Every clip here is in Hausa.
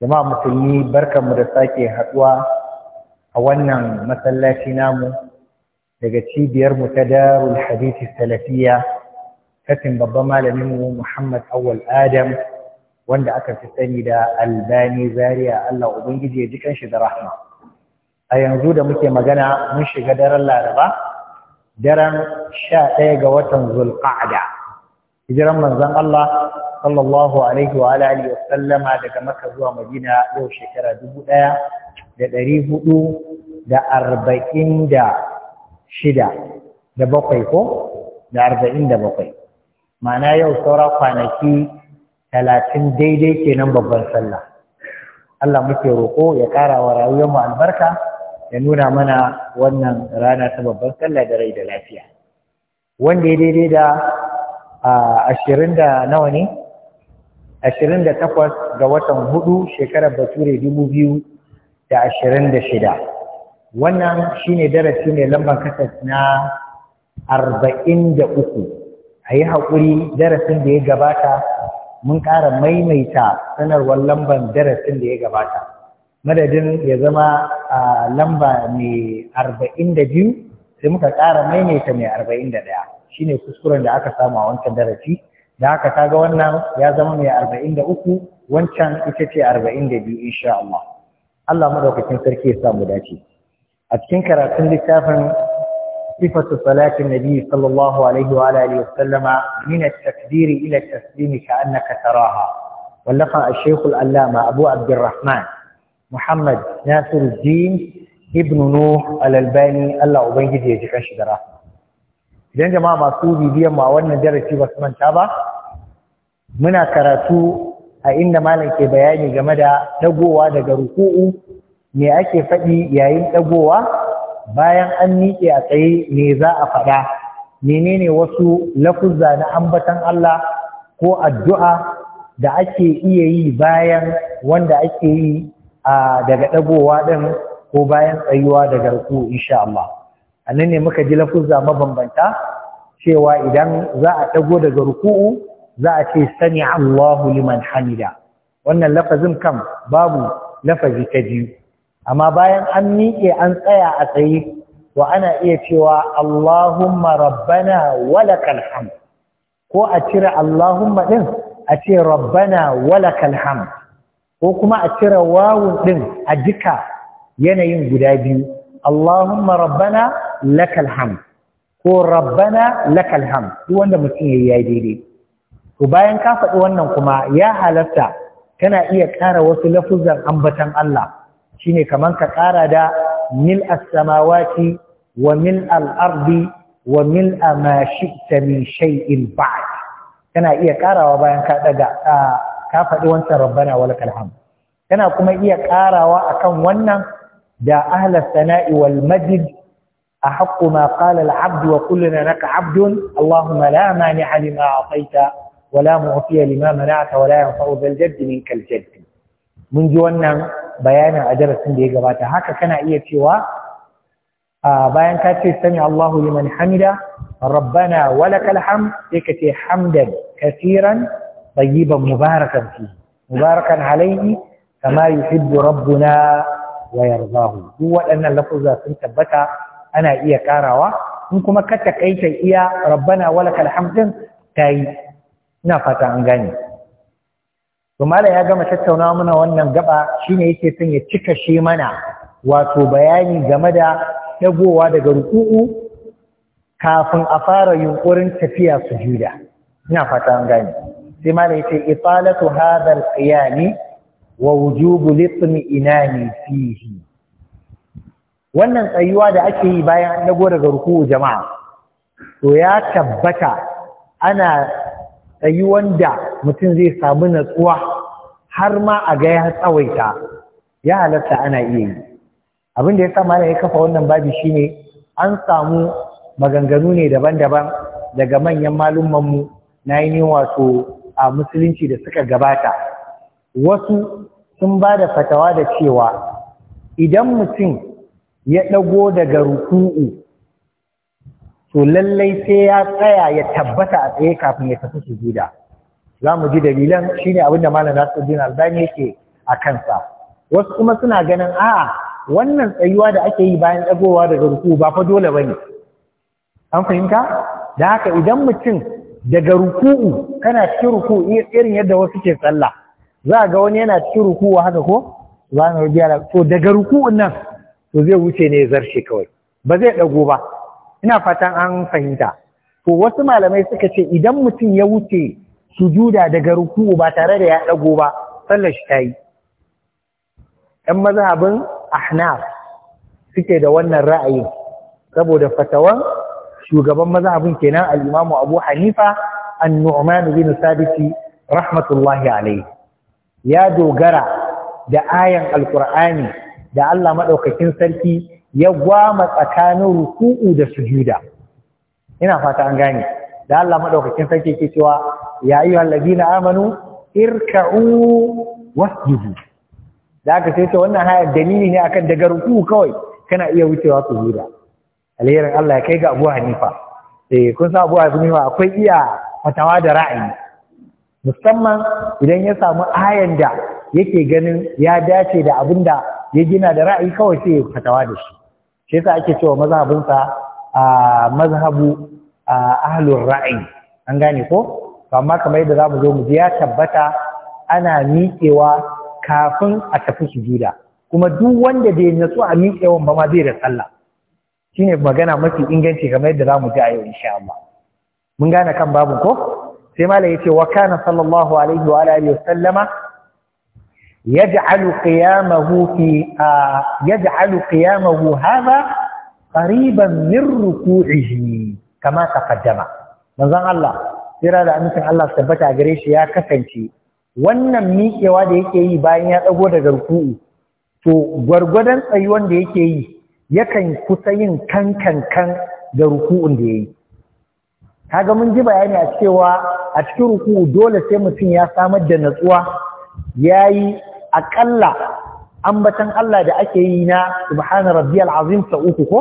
jama'a musulmi barkanmu da sake haɗuwa a wannan masallaci namu daga cibiyar mu ta darul hadith salafiyya kafin babban malamin mu Muhammad Awwal Adam wanda aka fi sani da Albani Zaria Allah ubangiji ya ji kanshi da rahma a yanzu da muke magana mun shiga daren Laraba daren 11 ga watan Zulqa'da hijiran manzon Allah sallallahu alaihi wa alihi wa sallama daga Makka zuwa Madina yau shekara 1446 da bakwai ko da 47 ma'ana yau saura kwanaki 30 daidai kenan babban sallah Allah muke roƙo ya ƙara wa rayuwar mu albarka ya nuna mana wannan rana ta babban sallah da rai da lafiya wanda ya daidai da ashirin da nawa ne ashirin da takwas ga watan hudu shekarar bature dubu biyu da ashirin da shida wannan shine darasi ne lambar kasas na arba'in da uku a yi haƙuri darasin da ya gabata mun ƙara maimaita sanarwar lambar darasin da ya gabata madadin ya zama a lamba mai arba'in da biyu sai muka ƙara maimaita mai arba'in da ɗaya shine kuskuren da aka samu a wancan darasi da haka kaga wannan ya zama mai arba'in da uku wancan ita ce arba'in da biyu insha Allah Allah madaukakin sarki ya samu dace a cikin karatun littafin sifatu salatin nabi sallallahu alaihi wa alihi wasallama min at-takbir ila at-taslim taraha wallafa al-shaykh al-allama Abu Abdurrahman Muhammad Nasiruddin ibn Nuh al-Albani Allah ubangiji ya ji kashi da rahama idan jama'a masu bibiyan mu a wannan darasi ba su manta ba muna karatu a inda malam ke bayani game da dagowa daga ruku'u me ake faɗi yayin dagowa bayan an miƙe a tsaye me za a faɗa menene wasu lafuzza na ambatan Allah ko addu'a da ake iya yi bayan wanda ake yi a daga dagowa ɗin ko bayan tsayuwa daga ruku'u insha Allah a ne muka ji lafuzza mabambanta cewa idan za a dago daga ruku'u za a ce sani Allahu liman hamida wannan lafazin kam babu lafazi ta biyu amma bayan an miƙe an tsaya a tsaye wa ana iya cewa Allahumma rabbana walakal ko a cire Allahumma din a ce rabbana walakal ham ko kuma a cire wawun din a jika yanayin guda biyu Allahumma rabbana lakal ham ko rabbana lakal ham duk wanda mutum yayi daidai to bayan ka faɗi wannan kuma ya halatta kana iya ƙara wasu lafuzan ambatan Allah shine kaman ka ƙara da mil as-samawati wa mil al-ardi wa mil ma shi'ta min shay'in ba'd kana iya ƙarawa bayan ka daga ka faɗi wancan rabbana walakal hamd kana kuma iya ƙarawa akan wannan da ahla sana'i wal majd أحق ما قال العبد وكلنا لك عبد اللهم لا مانع لما أعطيت wala mu'fiya lima mana'aka wala yanfa'u dal jaddi minka mun ji wannan bayanin a darasin da ya gabata haka kana iya cewa bayan ka ce sami Allahu liman hamida rabbana walakal hamd sai ka ce hamdan kasiran tayyiban mubarakan fi mubarakan alayhi kama yuhibbu rabbuna wa yardahu duk waɗannan lafuzza sun tabbata ana iya ƙarawa. in kuma ka takaita iya rabbana walakal hamd din tayi ina fata an gane to malam ya gama tattaunawa mana wannan gaba shine yake son ya cika shi mana wato bayani game da dagowa daga ruku'u kafin a fara yunƙurin tafiya sujuda ina fata an gane sai malam yace italatu hadha al-qiyami wa wujubu litmi fihi wannan tsayuwa da ake yi bayan an dago daga ruku'u jama'a to ya tabbata ana tsayuwan wanda mutum zai samu natsuwa har ma a ga ya tsawaita ya halatta ana iya yi abin da ya sa malam ya kafa wannan babi shine an samu maganganu ne daban-daban daga manyan malumanmu na yi wato a musulunci da suka gabata wasu sun ba da fatawa da cewa idan mutum ya ɗago daga ruku'u to lallai sai ya tsaya ya tabbata a tsaye kafin ya tafi sujuda za mu ji dalilan shi abin da malam Nasiruddin Albani yake a kansa wasu kuma suna ganin a'a wannan tsayuwa da ake yi bayan dagowa daga ruku ba fa dole bane an fahimta da haka idan mutum daga ruku'u kana cikin ruku'u irin yadda wasu ke tsalla za ga wani yana cikin ruku'u haka ko subhanahu wa to daga ruku'un nan to zai wuce ne zarce kawai ba zai ɗago ba ina fatan an fahimta to wasu malamai suka ce idan mutum ya wuce sujuda daga ruku'u ba tare da ya ɗago ba sallar shi ta yi Yan mazhabin ahnaf suke da wannan ra'ayi saboda fatawan shugaban mazhabin kenan al abu hanifa an-nu'man bin sabiti rahmatullahi alayhi ya dogara da ayan alqur'ani da Allah madaukakin sarki ya gwama tsakanin ruku'u da sujuda ina fata an gane da Allah madaukakin sarki yake cewa ya ayyuhal ladina amanu irka'u wasjudu da aka sai ce wannan haya dalili ne akan daga ruku'u kawai kana iya wucewa sujuda alherin Allah ya kai ga Abu Hanifa eh kun san Abu Hanifa akwai iya fatawa da ra'ayi musamman idan ya samu ayan da yake ganin ya dace da abin ya gina da ra'ayi kawai sai ya fatawa da shi shi yasa ake cewa mazhabinsa a mazhabu ahlur ra'ayi an gane ko amma kamar yadda zamu zo mu ji ya tabbata ana miƙewa kafin a tafi sujuda kuma duk wanda bai natsu a miƙewan ba ma zai da sallah shine magana mafi inganci kamar yadda zamu ji a yau insha Allah mun gane kan babu ko sai malai yace wa kana sallallahu alaihi wa alihi wa sallama يجعل قيامه في يجعل قيامه هذا قريبا من ركوعه كما تقدم manzon Allah kira da amincin Allah tabbata a gare shi ya kasance wannan miƙewa da yake yi bayan ya dago daga ruku'u to gwargwadon tsayuwan da yake yi yakan kusa yin kankan kan da ruku'un da yayi kaga mun ji bayani a cewa a cikin ruku'u dole sai mutum ya samar da natsuwa yayi akalla ambatan Allah da ake yi na subhana rabbiyal azim sa uku ko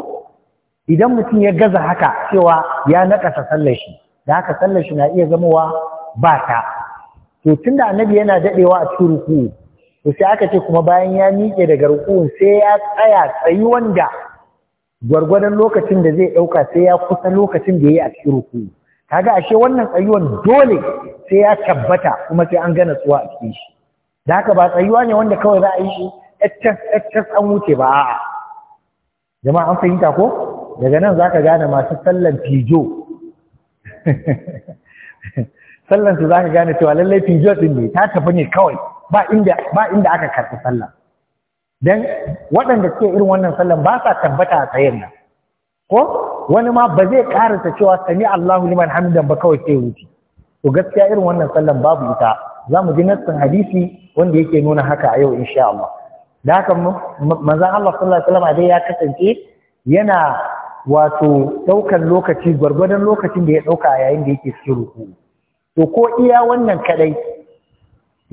idan mutum ya gaza haka cewa ya nakasa sallar shi da haka sallar shi na iya zamowa ba ta to tunda annabi yana dadewa a cikin ruku'u to sai aka ce kuma bayan ya miƙe daga rukun sai ya tsaya tsayi wanda gwargwadon lokacin da zai ɗauka sai ya kusa lokacin da yayi a cikin ruku'u kaga ashe wannan tsayuwan dole sai ya tabbata kuma sai an gana tsuwa a cikin shi da haka ba tsayuwa ne wanda kawai za a yi shi an wuce ba a'a jama'a an fahimta ko daga nan za ka gane masu sallan fijo sallan su za ka gane cewa lallai fijo din ne ta tafi ne kawai ba inda aka karɓi sallan dan waɗanda suke irin wannan sallan ba sa tabbata a tsayin nan ko wani ma ba zai karanta cewa sami Allahu liman Hamdan ba kawai sai wuce to gaskiya irin wannan sallan babu ita za mu ji nassin hadisi wanda yake nuna haka a yau insha Allah da haka manzon Allah sallallahu alaihi wasallam dai ya kasance yana wato daukan lokaci gwargwadon lokacin da ya dauka yayin da yake cikin ruku to ko iya wannan kadai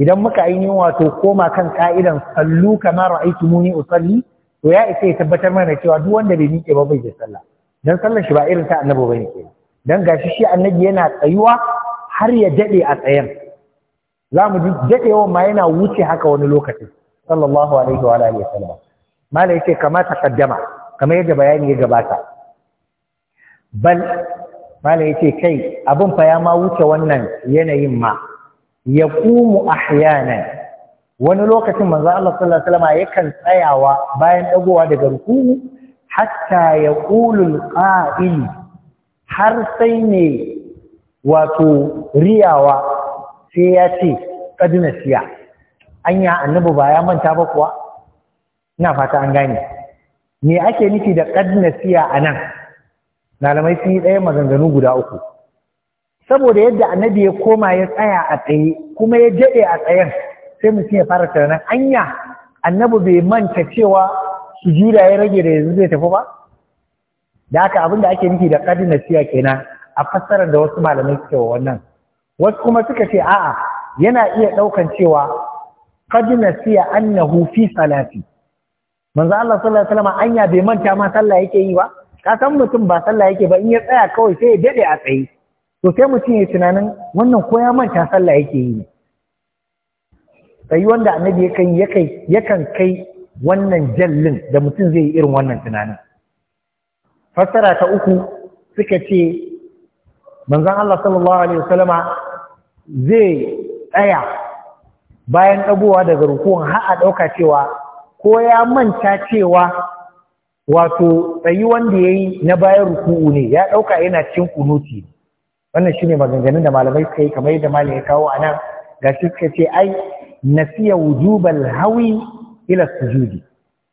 idan muka yi wato koma kan ka'idan sallu kama ra'aytumuni usalli to ya isa ya tabbatar mana cewa duk wanda bai miƙe ba bai da sallah dan sallar shi ba irin ta annabi bane ke. dan gashi shi annabi yana tsayuwa har ya dade a tsayen za mu daɗe yawan ma yana wuce haka wani lokaci sallallahu alaihi wa alihi wasallam malai ce kama ta kaddama, kamar yadda bayani ya gabata bal mala ce kai abin fa ya ma wuce wannan yanayin ma Ya yaqumu ahyanan wani lokacin manzo Allah sallallahu alaihi wasallam yakan tsayawa bayan dagowa daga ruku'u hatta ya yaqulul qa'il har sai ne wato riyawa sai ya ce ƙadina siya anya annabu ba ya manta ba kuwa ina fata an gane me ake nufi da ƙadina siya a nan malamai sun yi ɗaya maganganu guda uku saboda yadda annabi ya koma ya tsaya a tsaye kuma ya jade a tsayen sai mutum ya fara tunanin anya annabi bai manta cewa sujuda ya rage da yanzu zai tafi ba da haka abin da ake nufi da ƙadina siya kenan a fassarar da wasu malamai suke wa wannan wasu kuma suka ce a'a yana iya ɗaukan cewa qad siya annahu fi salati manzo Allah sallallahu alaihi wasallam anya bai manta ma sallah yake yi ba ka san mutum ba sallah yake ba in ya tsaya kawai sai ya dade a tsaye to sai mutum ya tunanin wannan ko ya manta sallah yake yi ne sai wanda annabi ya kan yakan kai wannan jallin da mutum zai yi irin wannan tunanin fassara ta uku suka ce manzon Allah sallallahu alaihi wasallama zai tsaya bayan ɗagowa daga rukun har a ɗauka cewa ko ya manta cewa wato tsayi wanda ya yi na bayan ruku'u ne ya ɗauka yana cin kunuti wannan shine maganganun da malamai suka yi kamar yadda malamai ya kawo a nan ga shi suka ce ai nasiya wujubal hawi ila sujudi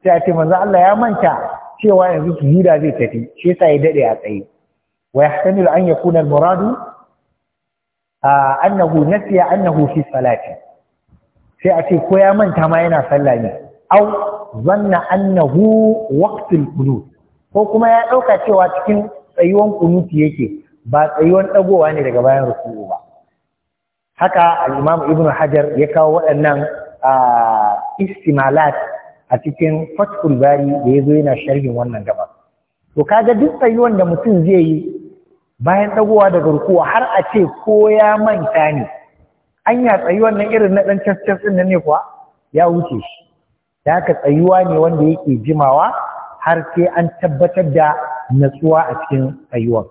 sai a ce manzo Allah ya manta cewa yanzu sujuda zai tafi shi yasa ya dade a tsaye wa yahtamilu an yakuna al-muradu annahu nasiya annahu fi salati sai a ce ko ya manta ma yana sallah ne au zanna annahu waqtul qunut ko kuma ya ɗauka cewa cikin tsayuwan kunuti yake ba tsayuwan ɗagowa ne daga bayan ruku'u ba haka al-imam ibn hajar ya kawo waɗannan istimalat a cikin Fatkul bari da yazo yana sharhin wannan gaba to kaga duk tsayuwan da mutum zai yi bayan ɗagowa daga rukuwa har a ce ko ya manta ne an ya tsayi wannan irin na ɗan cas ɗin ne kuwa ya wuce shi da haka tsayuwa ne wanda yake jimawa har sai an tabbatar da natsuwa a cikin tsayuwar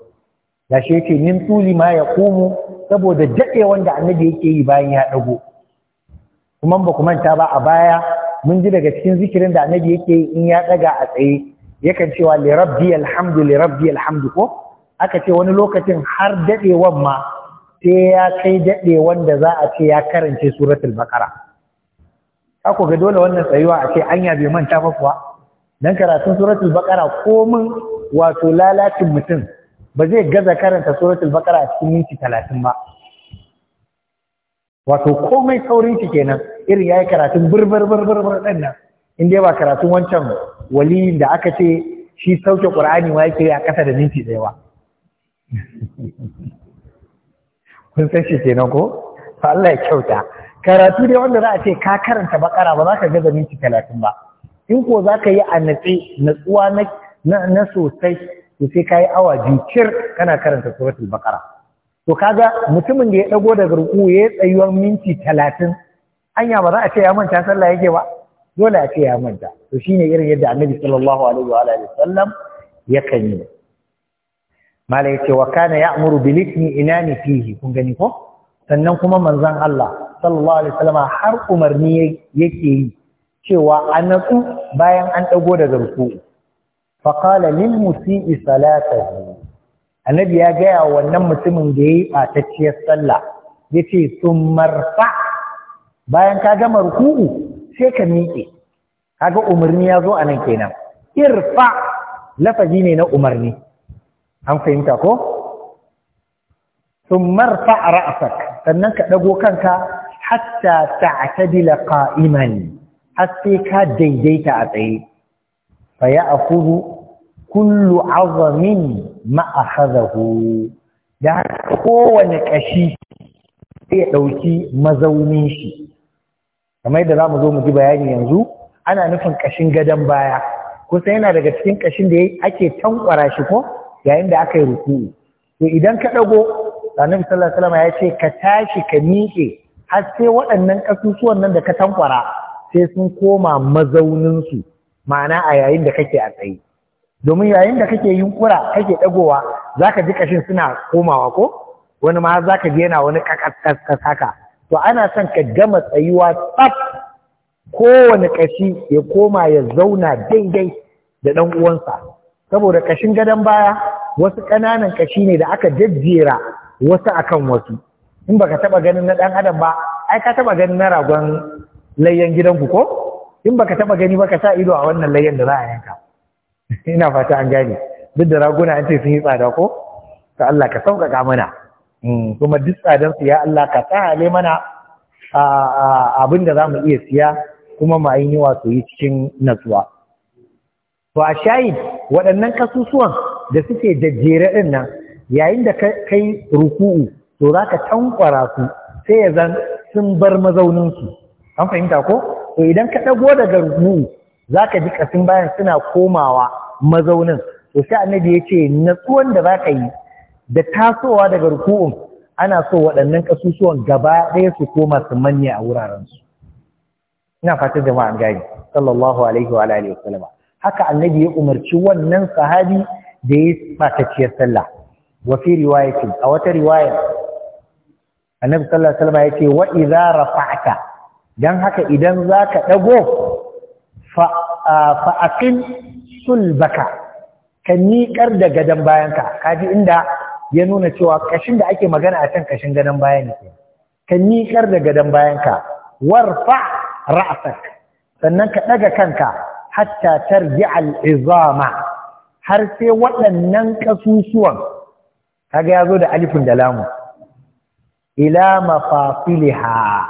da shi yake min tuli ma ya komo saboda daɗe wanda annabi yake yi bayan ya ɗago kuma ba ku manta ba a baya mun ji daga cikin zikirin da annabi yake yi in ya ɗaga a tsaye yakan cewa li rabbi alhamdu li rabbi alhamdu ko aka ce wani lokacin har daɗewan ma sai ya kai daɗewan da za a ce ya karance suratul bakara ka ku ga dole wannan tsayuwa a ce anya bai manta ba kuwa dan karatun suratul ko komin wato lalacin mutum ba zai gaza karanta suratul bakara a cikin minti talatin ba wato komai saurin shi kenan irin ya yi karatun birbirbirbirbir burbar nan in dai ba karatun wancan waliyin da aka ce shi sauke qur'ani ma yake a ƙasa da minti daya ba kun san shi nan ko Allah ya kyauta karatu dai wanda za a ce ka karanta bakara ba za ka gaza minti talatin ba in ko za ka yi a natsi natsuwa na sosai to sai ka yi awa biyu kana karanta suratul bakara to kaga mutumin da ya dago daga ruku ya yi tsayuwar minti talatin anya ba za a ce ya manta sallah yake ba dole a ce ya manta to shine irin yadda annabi sallallahu alaihi wa alihi wasallam yakan yi mala yace wa kana ya'muru bil ismi inani fihi kun gani ko sannan kuma manzon Allah sallallahu alaihi wasallam har umarni yake yi cewa an bayan an dago daga ruku'u fa qala lil musii salatahu annabi ya gaya wannan mutumin da yayi batacciyar sallah yace summarfa bayan ka gama ruku'u sai ka miƙe kaga umarni ya zo anan kenan irfa lafazi ne na umarni an fahimta ko sun marfa a ra'asak sannan ka ɗago kanka hatta ta'tadila qa'iman har sai ka daidaita a tsaye fa ya akudu kullu azamin ma da kowane kashi sai ya ɗauki mazaunin shi kamar da za mu zo mu ji bayani yanzu ana nufin kashin gadon baya kusa yana daga cikin kashin da ake tankwara shi ko yayin da aka yi ruku'u to idan ka dago annabi sallallahu alaihi wasallam ya ce ka tashi ka miƙe har sai waɗannan kasusuwan nan da ka tankwara sai sun koma mazaunin su ma'ana a yayin da kake a tsaye domin yayin da kake yunkura kake dagowa zaka ji kashin suna komawa ko wani ma zaka ji yana wani kakaskas haka to ana son ka gama tsayuwa tsaf kowane kashi ya koma ya zauna daidai da ɗan uwansa saboda kashin gadon baya wasu ƙananan kashi ne da aka jajjera wasu akan wasu in baka taba ganin na ɗan adam ba ai ka taba ganin na ragon layyan gidanku ko in baka taba gani ba ka sa ido a wannan layyan da za a yanka ina fata an gane duk da raguna an ce sun yi tsada ko ta Allah ka sauƙaƙa mana mm, kuma duk tsadan su ya Allah ka tsahale mana abin da za mu iya siya kuma mu ainihi wato yi cikin natsuwa to a shayi waɗannan ƙasusuwan da suke jere ɗin nan yayin da ka kai ruku'u to za ka tankwara su sai ya zan sun bar mazauninsu an fahimta ko to idan ka ɗago daga ruku'u za ka ji ƙasin bayan suna komawa mazaunin to sai annabi ya ce natsuwan da za ka yi da tasowa daga ruku'un ana so waɗannan ƙasusuwan gaba ɗaya su koma su manya a wurarensu ina fatan jama'a an gani sallallahu alaihi wa alihi wa sallama haka annabi ya umarci wannan sahabi da ya ciyar sallah wa fi riwayati a wata riwaya annabi sallallahu alaihi wasallam yace wa idza rafa'ta dan haka idan zaka dago fa fa aqim sulbaka ka miƙar da gadon bayanka kaji inda ya nuna cewa kashin da ake magana a can kashin gadon bayan ne ka miƙar da gadon bayanka warfa ra'sak sannan ka daga kanka hatta tarzi al'izama har sai waɗannan ƙasusuwan. kaga yazo da alifin da lamu ila mafafiliha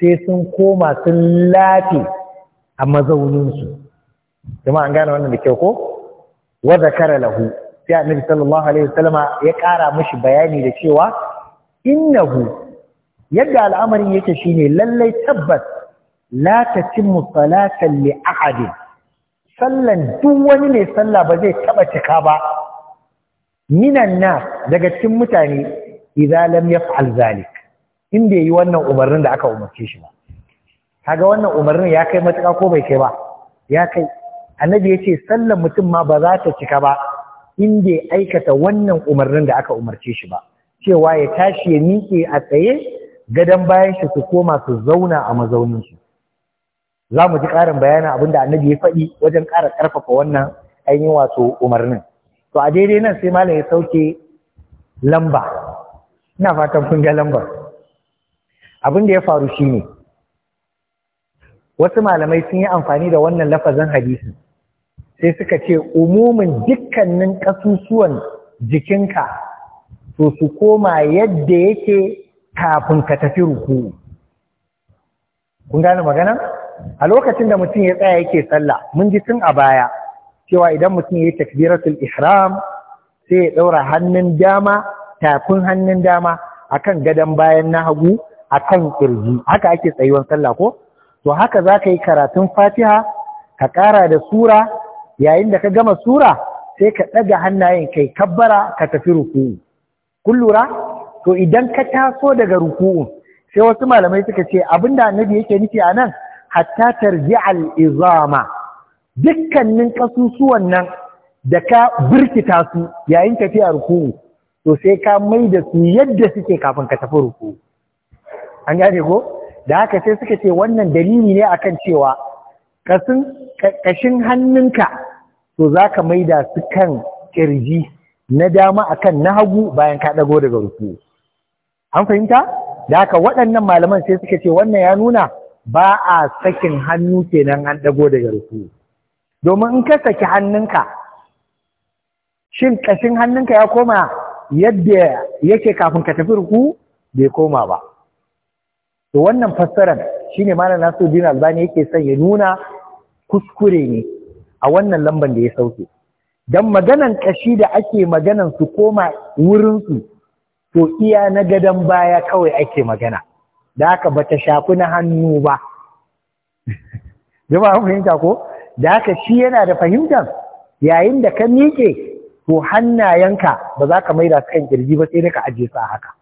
sai sun koma sun lafi a mazauninsu jama'a an gane wannan da kyau ko wa zakara lahu sai annabi sallallahu alaihi wasallama ya ƙara mashi bayani da cewa innahu yadda al'amarin yake shine lallai tabbas la tatimmu salatan li a'adin. sallan duk wani mai sallah ba zai taba cika ba minan na daga cikin mutane idan lam yaf'al zalik in bai yi wannan umarnin da aka umarce shi ba kaga wannan umarnin ya kai matuƙa ko bai kai ba ya kai annabi ce sallan mutum ma ba za ta cika ba in bai aikata wannan umarnin da aka umarce shi ba cewa ya tashi ya miƙe a tsaye gadon bayan shi su koma su zauna a mazauninsu za mu ji ƙarin bayanin abinda annabi ya faɗi wajen ƙara ƙarfafa wannan ainihin wato umarnin to a daidai nan sai malam ya sauke lamba ina fatan kun ga lambar abin da ya faru shi ne. wasu malamai sun yi amfani da wannan lafazin hadisin sai suka ce umumin dukkanin ƙasusuwan jikinka to su koma yadda yake kafin ka tafi ruku kun gane magana a lokacin da mutum ya tsaya yake sallah mun ji tun a baya cewa idan mutum ya yi takbiratul ihram sai ya ɗaura hannun dama tafin hannun dama a kan gadon bayan na hagu a kan kirji haka ake tsayuwan sallah ko to haka za ka yi karatun fatiha ka ƙara da sura yayin da ka gama sura sai ka ɗaga hannayen kai kabbara ka tafi ruku'u kun lura to idan ka taso daga ruku'u sai wasu malamai suka ce abinda annabi yake nufi a nan hatta tarji'al izama dukkanin kasusuwan nan da ka birkita su yayin tafiya ruku'u to sai ka mai da su yadda suke kafin ka tafi ruku'u an gane ko da haka sai suka ce wannan dalili ne akan cewa kashin hannunka to za ka maida su kan ƙirji na dama akan na hagu bayan ka ɗago daga ruku an fahimta da haka waɗannan malaman sai suka ce wannan ya nuna ba a sakin hannu kenan an dago daga ruku domin in ka saki hannunka shin kashin hannunka ya koma yadda yake kafin ka tafi ruku bai koma ba to wannan fassara shine malam Nasiruddin Albani yake son ya nuna kuskure ne a wannan lamban da ya sauke dan maganan kashi da ake maganan su koma wurin su to iya na gadon baya kawai ake magana da haka ba ta shafi na hannu ba jama'a fahimta ko da haka shi yana da fahimtar yayin da ka miƙe ko hannayenka ba za ka maida kan kirji ba sai ka ajiye sa haka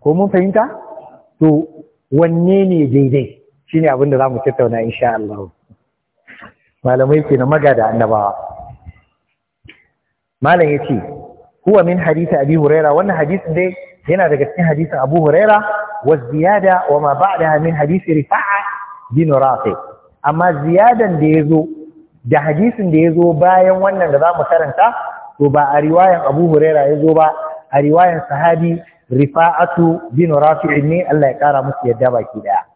ko mun fahimta to wanne ne daidai ne abin da za mu tattauna insha Allah malamai maga magada annabawa malam ya ce kuwa min hadisi abi huraira wannan hadisi dai yana daga cikin hadisin Abu Huraira wa ziyada wa ma ba'daha min hadisi Rifa'a bin Rafi amma ziyadan da yazo da hadisin da ya zo bayan wannan da zamu karanta to ba a riwayan Abu ya zo ba a riwayan sahabi Rifa'atu bin Rafi ne Allah ya kara musu yadda baki daya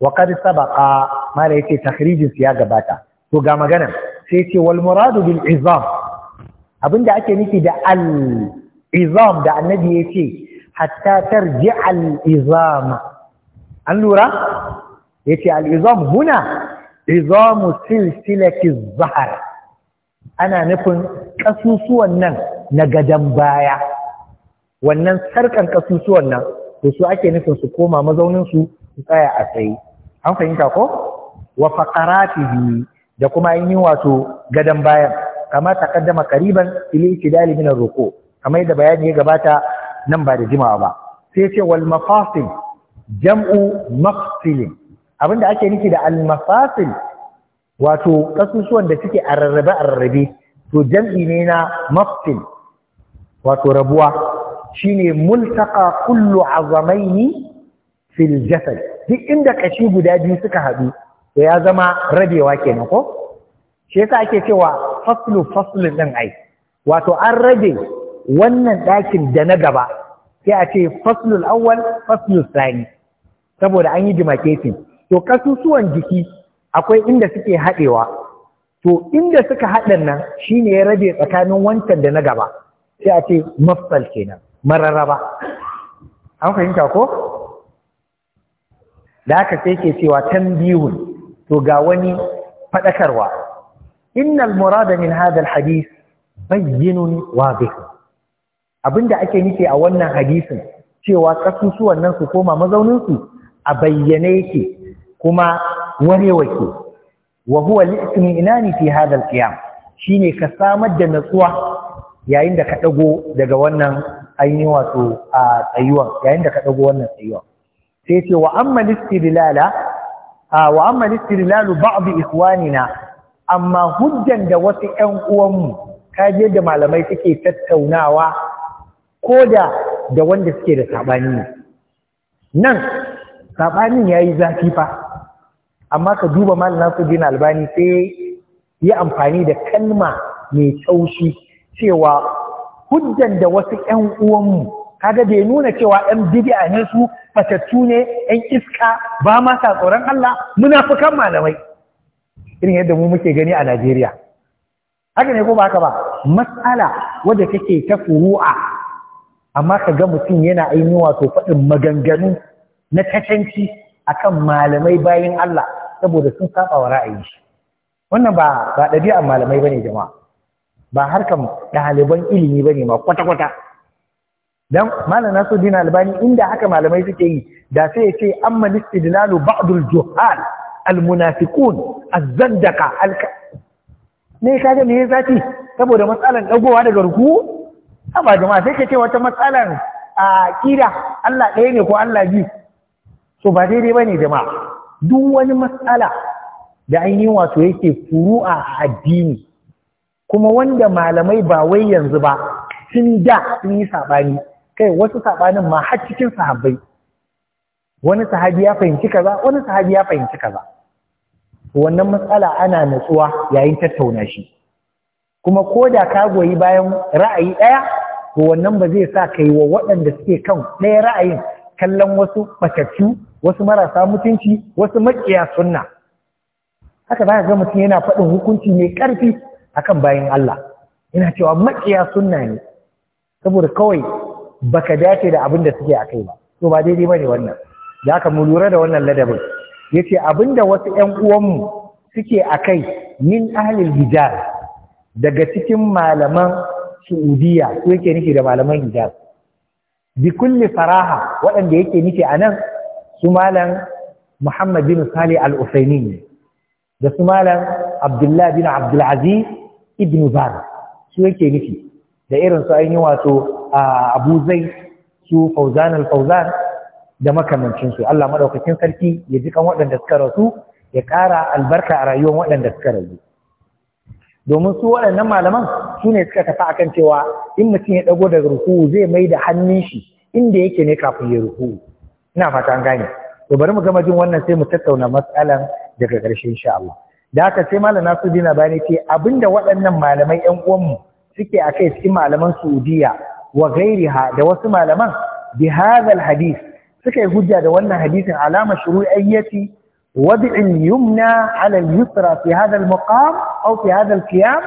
wa qad sabaqa mala yake takhrijin ya gabata to ga magana sai ce wal bil izam abinda ake nufi da al izam da annabi yace hatta tarji al'izama an lura ya ce al'izam huna izamu silsilaki zahar ana nufin ƙasusuwan nan na gadon baya wannan sarkan ƙasusuwan nan da su ake nufin su koma mazauninsu su tsaya a tsaye an fahimta ko wa faqaratihi da kuma yin wato gadon bayan kamar taqaddama qariban ila itidali min roƙo, kamar da bayani ya gabata nan ba da jimawa ba sai ce wal mafasil jam'u mafsilin abinda ake nufi da al mafasil wato kasusuwan da suke a rarrabe a rarrabe to jam'i ne na mafsil wato rabuwa shine multaqa kullu azamaini fil jasad duk inda kashi guda biyu suka haɗu to ya zama rabewa kenan ko shi yasa ake cewa faslu faslun din ai wato an rabe wannan ɗakin da na gaba sai a ce faslul awwal faslul sani saboda an yi demarcating to kasusuwan jiki akwai inda suke haɗewa to inda suka haɗa nan shine ya rage tsakanin wancan da na gaba sai a ce mafsal kenan mararraba an fahimta ko da aka sai ke cewa tanbihun to ga wani faɗakarwa innal murada min hadha alhadith bayyinun wadih abinda ake nufi a wannan hadisin cewa kasusuwan nan su koma mazauninsu, a bayyane yake kuma warewa ke wa huwa ina inani fi hada alqiyam shine ka samar da natsuwa yayin da ka dago daga wannan ainihin wato a tsayuwa yayin da ka dago wannan tsayuwa sai ce wa amma a wa amma istidlalu ba'd ikhwanina amma hujjan da wasu ƴan uwanmu kaje da malamai suke tattaunawa ko da da wanda suke da saɓani ne nan saɓanin ya yi zafi fa amma ka duba malam jin albani sai yi amfani da kalma mai taushi cewa hujjan da wasu 'yan uwanmu kaga bai nuna cewa 'yan bidi'a ne su fatattu ne 'yan iska ba ma sa tsoron Allah Muna munafukan malamai irin yadda mu muke gani a Najeriya haka ne ko ba haka ba matsala wadda take ta furu'a amma ka ga mutum yana aini wato faɗin maganganu na tacanci akan malamai bayan Allah saboda sun saba wa ra'ayi shi wannan ba ba ɗabi'ar malamai bane jama'a ba harkan ɗaliban ilimi bane ma kwata-kwata dan malam Nasiruddin Albani inda haka malamai suke yi da sai ya ce amma istidlalu ba'dul juhal almunafiqun az-zandaqa al ne kaga me ya zafi saboda matsalan dagowa daga ruku Aba jama'a sai ka ce wata matsalar a ƙira Allah ɗaya ne ko Allah biyu. So ba daidai ba ne jama'a. Duk wani matsala da ainihin wato yake furu a addini kuma wanda malamai ba wai yanzu ba sun da sun yi saɓani kai wasu saɓanin ma har cikin sahabbai wani sahabi ya fahimci kaza wani sahabi ya fahimci kaza wannan matsala ana natsuwa yayin tattauna shi kuma ko da ka goyi bayan ra'ayi ɗaya to wannan ba zai sa ka yi wa waɗanda suke kan ɗaya ra'ayin kallon wasu matattu wasu marasa mutunci wasu maƙiya sunna haka za ka ga mutum yana faɗin hukunci mai ƙarfi A kan bayan Allah yana cewa maƙiya sunna ne saboda kawai ba ka dace da abin da suke a kai ba to ba daidai ba ne wannan da haka mu lura da wannan ladabin ya ce abin da wasu ƴan uwanmu suke a kai min ahlil hijar daga cikin malaman su'udiyya ko yake nufi da malaman Hijaz bi kulli faraha waɗanda yake nufi a nan su malam Muhammad bin sali al-Usaini ne da su malam abdullahi bin Abdul Aziz ibn Bar su yake nufi da irin su ainihin wato Abu Zai su Fauzan al-Fauzan da makamancin su Allah madaukakin sarki ya ji kan waɗanda suka rasu ya ƙara albarka a rayuwar waɗanda suka rasu domin su waɗannan malaman su ne suka tafi akan cewa in mutum ya ɗago daga ruku'u zai mai da hannun shi inda yake ne kafin ya ruku'u ina fata an gane to bari mu gama jin wannan sai mu tattauna matsalan daga ƙarshe insha Allah da haka sai malam Nasiruddin Albani ce abinda waɗannan malamai ƴan uwanmu suke akai cikin malaman Saudiya wa gairiha da wasu malaman bi hadith suka yi hujja da wannan hadisin alama shuru'iyyati وضع yumna على اليسرى في هذا المقام أو في هذا القيام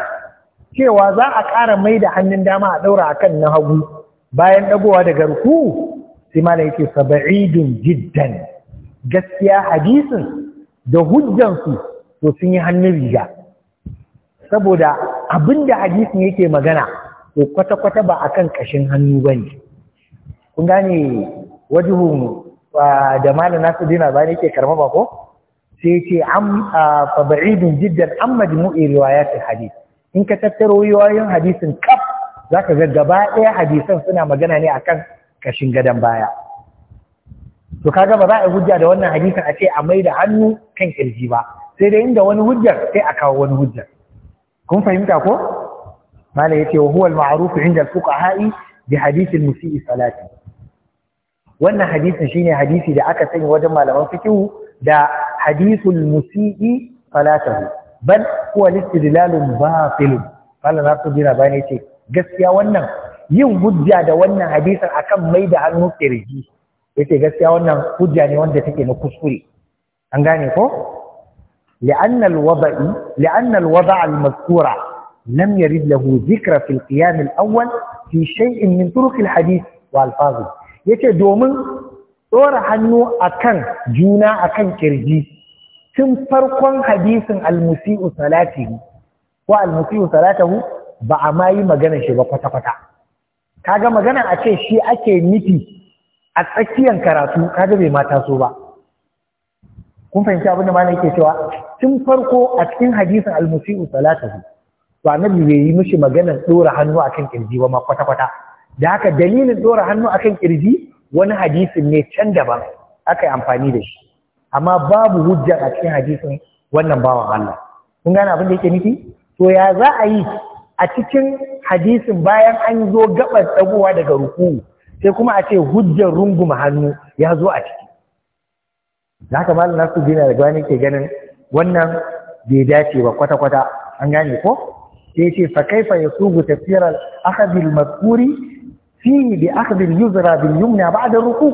cewa za a ƙara mai da hannun dama a ɗaura akan na hagu bayan ɗagowa daga ruku sai mala yake saba'idun jiddan gaskiya hadisin da hujjansu to sun yi hannun riga saboda abinda hadisin yake magana to kwata-kwata ba a kan ƙashin hannu ba ne kun gane wajihun da malam nasu dina ba ne ke ko sai ce am fa jiddan an majmu'i riwayat hadisi. in ka tattaro riwayoyin hadisin kaf zaka ga gaba ɗaya hadisan suna magana ne akan kashin gadon baya to kaga ba za a hujja da wannan hadisin a ce a mai da hannu kan kirji ba sai dai inda wani hujjar sai a kawo wani hujjar kun fahimta ko mala yace wa huwa al-ma'ruf 'inda al-fuqaha'i bi hadith al-musii salati wannan hadisin shine hadisi da aka sani wajen malaman fiqh da hadithul musi'i falatahu bal huwa istidlalun batil qala na tubira bane ce gaskiya wannan yin hujja da wannan hadisin akan mai da hannu kirji yace gaskiya wannan hujja ne wanda take na kuskure an gane ko لأن الوضع لأن الوضع المذكورة لم يرد له ذكر في القيام الأول في شيء من طرق الحديث والفاظه yace domin ɗora hannu akan juna akan ƙirji tun farkon hadisin almusi'u salatihi ko almusi'u salatahu ba a ma yi magana shi ba kwata-kwata kaga magana a ce shi ake nufi a tsakiyar karatu kaga bai mata so ba kun fahimci abin da malam yake cewa tun farko a cikin hadisin almusi'u salatahu ba na bai yi mishi maganar ɗora hannu akan ƙirji ba ma kwata-kwata da haka dalilin ɗora hannu akan ƙirji? wani hadisin ne can daban aka yi amfani da shi amma babu hujja a cikin hadisin wannan bawan Allah kun gane abin da yake nufi to ya za a yi a cikin hadisin bayan an zo gabar dagowa daga ruku sai kuma a ce hujjar runguma hannu ya zo a ciki da haka malam nasu dina da gani ke ganin wannan bai dace ba kwata kwata an gane ko sai ce fa kaifa yasugu tafsirar akhadil mazkuri fi da akhdhi al-yuzra bil yumna ba'da ruku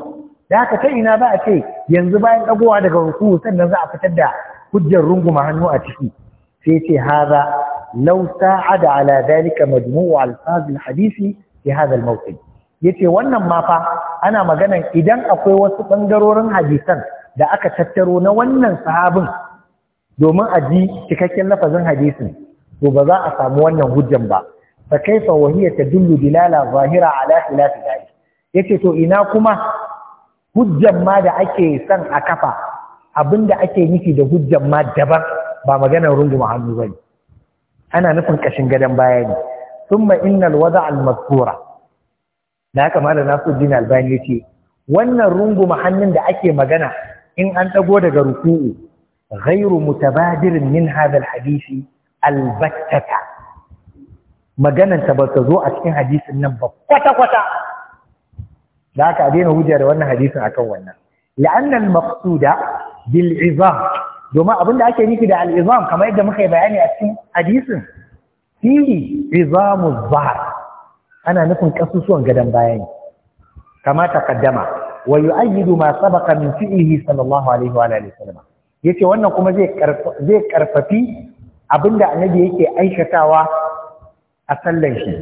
da haka ta ina ba a ce yanzu bayan dagowa daga ruku sannan za a fitar da hujjar runguma hannu a ciki sai ce haza law sa'ada ala dhalika majmu'u al-faz hadisi fi hadha al-mawqif yace wannan ma fa ana maganan idan akwai wasu ɓangarorin hadisan da aka tattaro na wannan sahabin domin a ji cikakken lafazin hadisin to ba za a samu wannan hujjan ba fa kaifa wa hiya tadullu dilala zahira ala khilaf dhalik yace to ina kuma hujjan ma da ake son a kafa abinda ake nufi da hujjan ma daban ba maganar runguma hannu bane ana nufin kashin gadan baya ne thumma innal wada' al mazkura da haka malam Albani yace wannan rungun hannun da ake magana in an dago daga ruku'u ghairu mutabadirin min hadha al hadisi albarkata. magananta ba ta zo a cikin hadisin nan ba kwata-kwata da aka adina hujja da wannan hadisin akan wannan la'annan maqsuda bil izam domin abinda ake nufi da al izam kamar yadda muka yi bayani a cikin hadisin fihi izamu zahar ana nufin kasusuwan gadan bayani kama takaddama wa yu'ayyidu ma sabaqa min fi'lihi sallallahu alaihi wa alihi wasallam yace wannan kuma zai zai karfafi abinda annabi yake aikatawa a sallan shi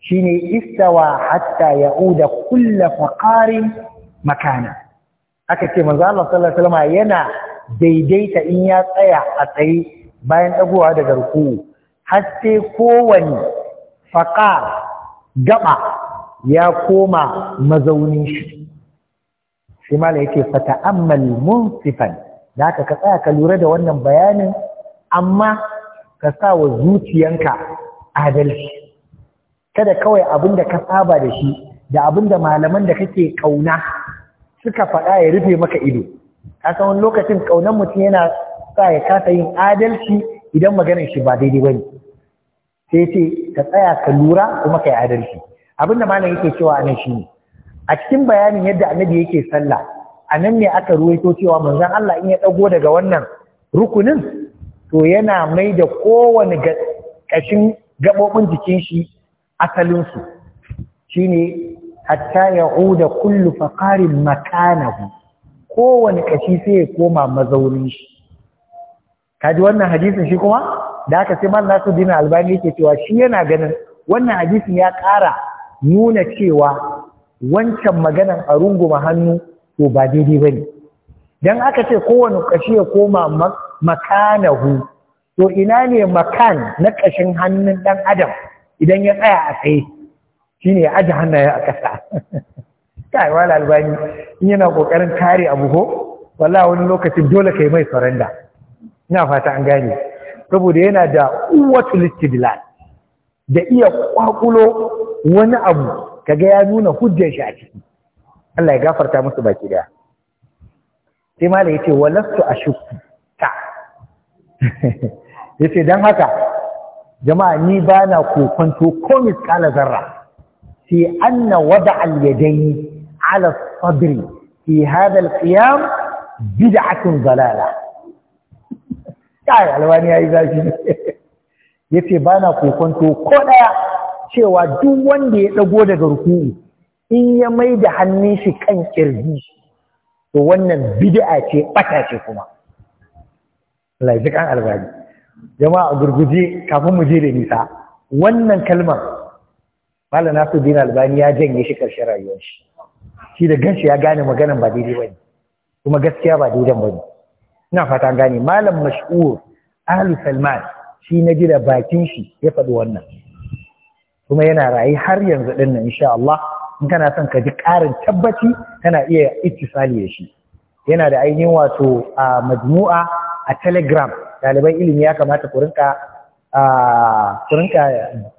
shine istawa hatta ya'uda kullu faqarin makana aka ce manzo Allah sallallahu alaihi wasallam yana daidaita in ya tsaya a tsaye bayan dagowa daga ruku har sai kowani faqa gaba ya koma mazaunin shi shi ma yake fata'ammal munsifan da ka tsaya ka lura da wannan bayanin amma ka sa wa zuciyanka adalci kada kawai abin da ka saba da shi da abin da malaman da kake kauna suka faɗa ya rufe maka ido kasan wani lokacin kaunan mutum yana sa ya kasa yin adalci idan maganin shi ba daidai bane sai ce ka tsaya ka lura kuma ka yi adalci abin da malam yake cewa anan ne. a cikin bayanin yadda annabi yake sallah anan ne aka ruwaito cewa manzon Allah in ya dago daga wannan rukunin to yana mai da kowane ƙashin gaɓoɓin jikin shi asalinsu shi ne hatta ya da kullu faƙarin makanahu kowane ƙashi sai ya koma mazaunin shi kaji wannan hadisin shi kuma da aka sai mal su dina albani yake cewa shi yana ganin wannan hadisin ya ƙara nuna cewa wancan maganan a runguma hannu to ba daidai ba ne don aka ce kowane ƙashi ya koma makanahu to ina ne makan na ƙashin hannun ɗan adam idan ya tsaya a tsaye shi ne aji hannaye a ƙasa kai wala albani in yana ƙoƙarin kare abu ko wala wani lokacin dole ka yi mai saranda ina fata an gane saboda yana da Uwatu istidlal da iya ƙwaƙulo wani abu kaga ya nuna hujjar shi a ciki Allah ya gafarta musu baki daya sai malai yace walastu a ta yace dan haka jama'a ni ba na kokonto ko kala zarra fi anna wada al yadaini ala sadri fi hada al qiyam bid'atun dalala kai alwani yayi zafi yace ba na kokonto ko ɗaya cewa duk wanda ya dago daga ruku'u in ya mai da hannun shi kan kirji to wannan bid'a ce bata ce kuma Allah ya albani jama'a a gurguje kafin mu je da nisa wannan kalmar malam dina Albani ya janye shi karshen rayuwar shi shi da ganshi ya gane maganan ba daidai bane kuma gaskiya ba ba bane ina fata gane malam mashhur ahlu salman shi na ji da bakin shi ya faɗi wannan kuma yana rayu har yanzu din nan insha Allah in kana son ka ji ƙarin tabbaci kana iya ittisali da shi yana da ainihin wato a majmu'a a telegram ɗaliban ilimi ya kamata ku rinka ku rinka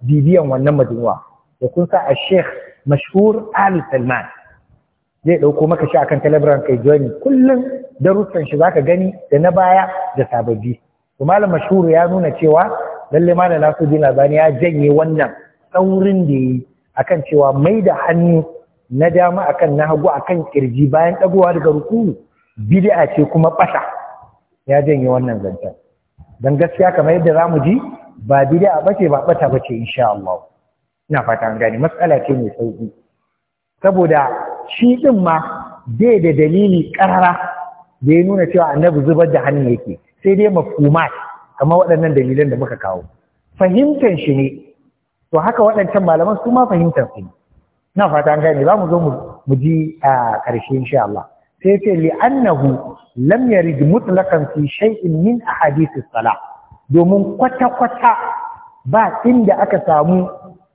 bibiyan wannan majmu'a da kun sa a sheikh mashhur Ali Salman zai ɗauko maka shi akan telegram kai joini kullum darussan shi zaka gani da na baya da sababbi to malam mashhur ya nuna cewa lalle malam Nasiruddin Labani ya janye wannan saurin da yi akan cewa mai da hannu na dama akan na hagu akan kirji bayan ɗagowa daga ruku bid'a ce kuma ɓata ya janye wannan zancen don gaskiya kamar yadda za mu ji ba a bace ba bata bace insha Allah ina fata an gane matsala ce mai sauki saboda shi din ma bai da dalili karara da ya nuna cewa annabi zubar da hannu yake sai dai mafhumat kamar waɗannan dalilan da muka kawo fahimtar shi ne to haka waɗancan malaman su ma fahimtar su ina fata an gane za mu zo mu ji a ƙarshe insha Allah sai ce li'annahu lam yarid mutlaqan fi shay'in min ahadith as-salah domin kwata kwata ba inda aka samu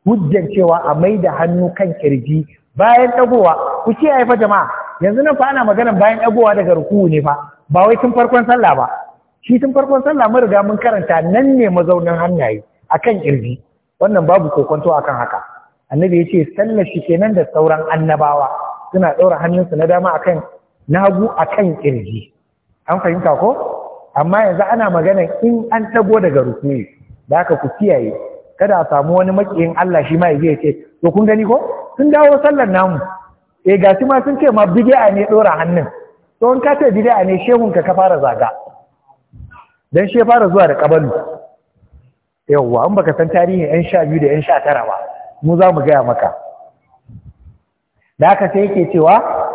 hujjar cewa a mai da hannu kan kirji bayan dagowa ku ce ai fa jama'a yanzu nan fa ana magana bayan dagowa daga ruku'u ne fa ba wai tun farkon sallah ba shi tun farkon sallah mun riga mun karanta nan ne mazaunin hannaye akan kirji wannan babu kokonto akan haka annabi ce, sallar shi kenan da sauran annabawa suna daura hannunsu na dama akan na a kan ƙirji, an fahimta ko amma yanzu ana magana in an tago daga rukuni da aka ku kiyaye kada a samu wani makiyin Allah shi ma ya ce to kun gani ko sun dawo sallar namu eh shi ma sun ce ma bid'a ne dora hannun to in ka ce bid'a ne shehun ka ka fara zaga dan she fara zuwa da kabalu yawwa an baka san tarihin yan sha biyu da yan sha tara ba mu za mu gaya maka da haka sai yake cewa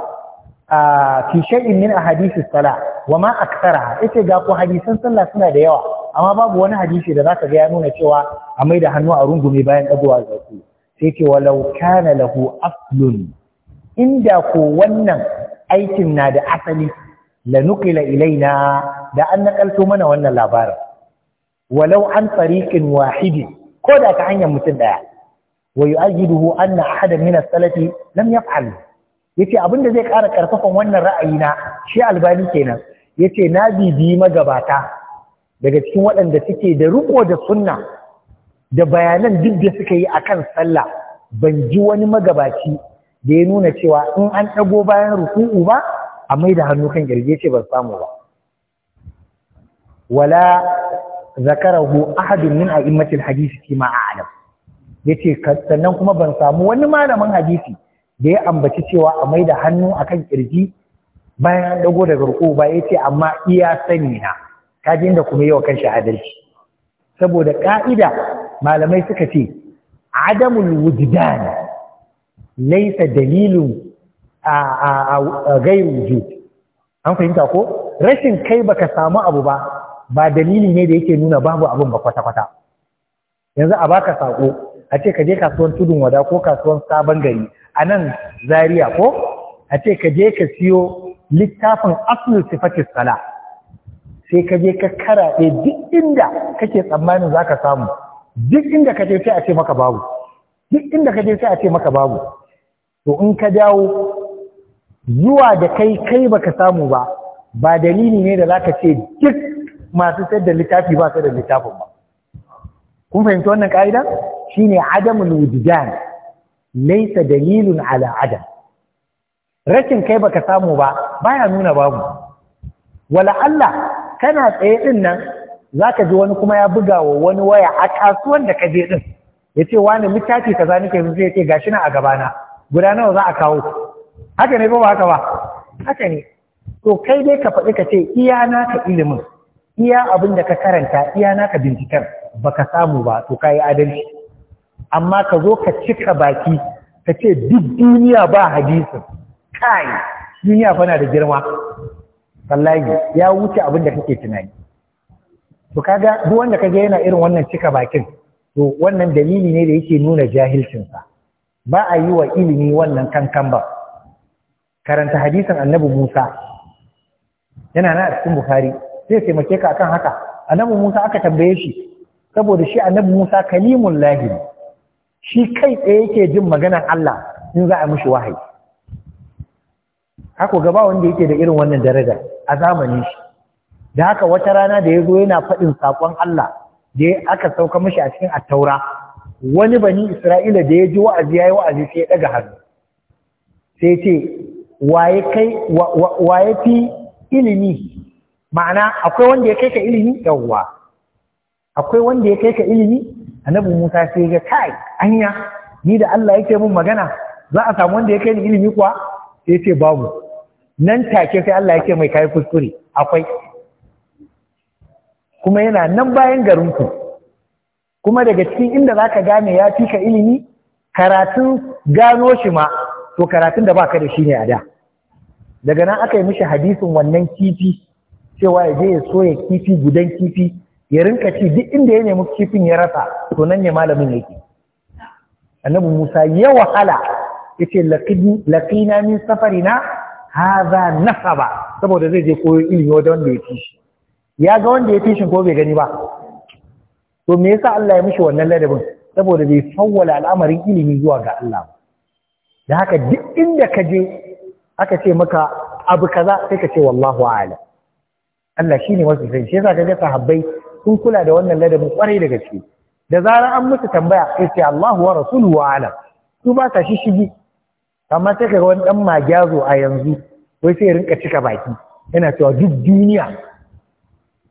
fi shay'in min ahadisi sala wa ma aktsara yace ga ko hadisan sallah suna da yawa amma babu wani hadisi da zaka ga ya nuna cewa a da hannu a rungume bayan dagowa zaki sai ce walau kana lahu inda ko wannan aikin na da asali la nuqila ilaina da an nakalto mana wannan labarin walau an tariqin wahidi ko da ta hanyar mutum daya wa yu'ayyiduhu anna ahadan min as-salati lam yaf'al yace abin da zai ƙara ƙarfafan wannan ra'ayi na shi albani kenan yace na bibiyi magabata daga cikin waɗanda suke da riko da sunna da bayanan duk da suka yi akan sallah ban ji wani magabaci da ya nuna cewa in an ɗago bayan ruku'u ba a mai da hannu kan girge ce ban samu ba wala zakarahu ahadin min a'immatil hadisi fi a a'lam yace sannan kuma ban samu wani malamin hadisi da ya ambaci cewa a mai da hannu a kan ƙirji bayan an dago daga ruku ba ya ce amma iya sani na kaji inda kuma yi wa kan adalci saboda ƙa'ida malamai suka ce adamul wujdan laysa dalilin a gai wujud an fahimta ko rashin kai baka samu abu ba ba dalili ne da yake nuna babu abin ba kwata-kwata yanzu a baka saƙo. a ce ka je kasuwan tudun wada ko kasuwan sabon gari a nan zariya ko a ce ka je ka siyo littafin asli sifatis sala sai ka je ka karaɗe duk inda kake tsammanin za ka samu duk inda ka je sai a ce maka babu duk inda ka je sai a ce maka babu to in ka dawo zuwa da kai kai baka samu ba ba dalili ne da zaka ce duk masu sayar da littafi ba su da littafin ba kun fahimci wannan ka'ida shine adamul wujdan laysa dalilun ala adam rashin kai baka samu ba baya nuna babu wala Allah kana tsaye din nan zaka ji wani kuma ya buga wa wani waya a kasuwan da ka je din yace wani mutaci kaza nake yanzu yace gashi na a gaba guda nawa za a kawo haka ne ko ba haka ba haka ne to kai dai ka faɗi ka ce iya naka ilimin iya abin da ka karanta iya naka binciken baka samu ba to kai adalci amma ka zo ka cika baki ka ce duk duniya ba hadisin kai duniya fana da girma wallahi ya wuce abin da kake tunani to kaga duk wanda kaga yana irin wannan cika bakin to wannan dalili ne da yake nuna jahilcinsa ba a yi wa ilimi wannan kankan ba karanta hadisin annabi Musa yana na a cikin Bukhari Sai taimake ka akan haka annabi Musa aka tambaye shi saboda shi annabi Musa kalimun shi kai tsaye yake jin maganar Allah in za a mishi wahayi Hako, gaba wanda yake da irin wannan daraja a zamanin shi da haka wata rana da ya zo yana faɗin saƙon Allah da ya aka sauka mishi a cikin attaura wani bani Isra'ila da ya ji wa'azi ya yi wa'azi sai ya ɗaga hannu sai ce waye kai fi ilimi ma'ana akwai wanda ya kai ka ilimi yawwa akwai wanda ya kai ka ilimi annabi Musa sai ga kai anya ni da Allah yake mun magana za a samu wanda ya ni ilimi kuwa sai ce babu nan take sai Allah yake mai kai kuskure akwai kuma yana nan bayan garinku kuma daga cikin inda zaka gane ya fika ilimi karatun gano shi ma to karatun da baka da shi ne a da daga nan aka yi mishi hadisin wannan kifi cewa ya je ya soya kifi gudan kifi ya rinka ci duk inda ya nemi kifin ya rasa to nan ne malamin yake annabi Musa ya wahala yace laqini laqina min safarina hadha nasaba saboda zai je koyo ilimi wanda wanda ya ci ya ga wanda ya ci ko bai gani ba to me yasa Allah ya mishi wannan ladabin saboda bai fawwala al'amarin ilimi zuwa ga Allah da haka duk inda ka je aka ce maka abu kaza sai ka ce wallahu a'lam Allah shine wasu sai shi yasa kaga sahabbai sun kula da wannan ladabin kwarai da gaske da zarar an musu tambaya sai ce Allah wa rasuluhu ala su ba shi shishigi amma sai kaga wani dan magyazo a yanzu wai sai rinka cika baki yana cewa duk duniya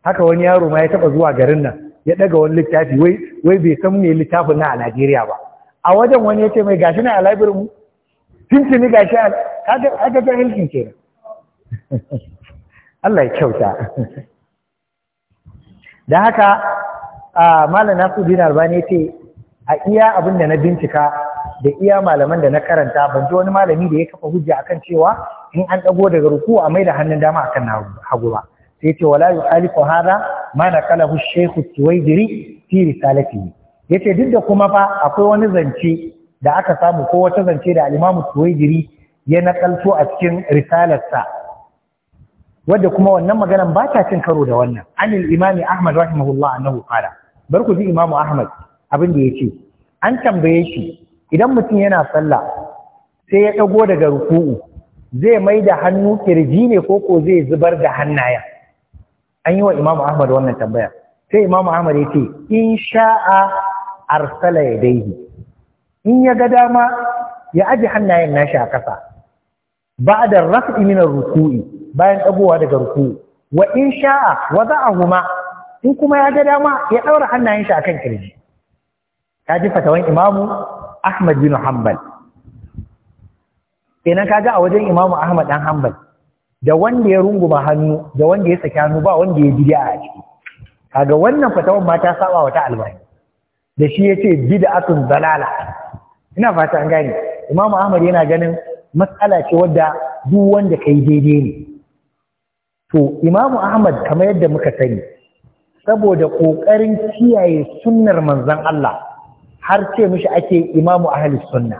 haka wani yaro ma ya taba zuwa garin nan ya daga wani littafi wai wai bai san me littafin na a Najeriya ba a wajen wani yace mai gashi na a library mu tuntuni gashi a kaga kaga hilkin ke Allah ya kyauta da haka a malam nasuddin albani ce a iya abin da na bincika da iya malaman da na karanta ban ji wani malami da ya kafa hujja akan cewa in an dago daga ruku a mai da hannun dama akan hagu ba sai ce wala yukhalifu hada ma naqalahu shaykh tuwaidiri fi Ya ce duk da kuma fa akwai wani zance da aka samu ko wata zance da Alimamu imam tuwaidiri ya nakalto a cikin risalarsa wadda kuma wannan maganan ba ta cin karo da wannan anil imami ahmad rahimahullah annahu qala bar ku ji imamu ahmad abin da ce. an tambaye shi idan mutum yana sallah sai ya dago daga ruku'u zai mai da hannu kirji ne ko ko zai zubar da hannaya an yi wa imamu ahmad wannan tambaya sai imamu ahmad ya ce in sha'a arsala ya yadayhi in ya ga dama ya aji hannayen nashi a kasa ba'da raf'i min ar-ruku'i bayan dagowa daga ruku'u wa in sha'a wa wada'ahuma in kuma ya ga dama ya ɗaura hannayen shi akan kirji ta ji fatawan imamu Ahmad bin Hanbal kenan kaga a wajen imamu Ahmad dan Hanbal da wanda ya runguma hannu da wanda ya saki hannu ba wanda ya bid'a a ciki kaga wannan fatawan ma ta saba wa ta albani da shi ya yace bid'atun dalala ina fata an gane imamu Ahmad yana ganin matsala ce wadda duk wanda kai daidai ne to imamu ahmad kamar yadda muka sani saboda ƙoƙarin kiyaye sunnar manzon Allah har ce mishi ake imamu ahli sunna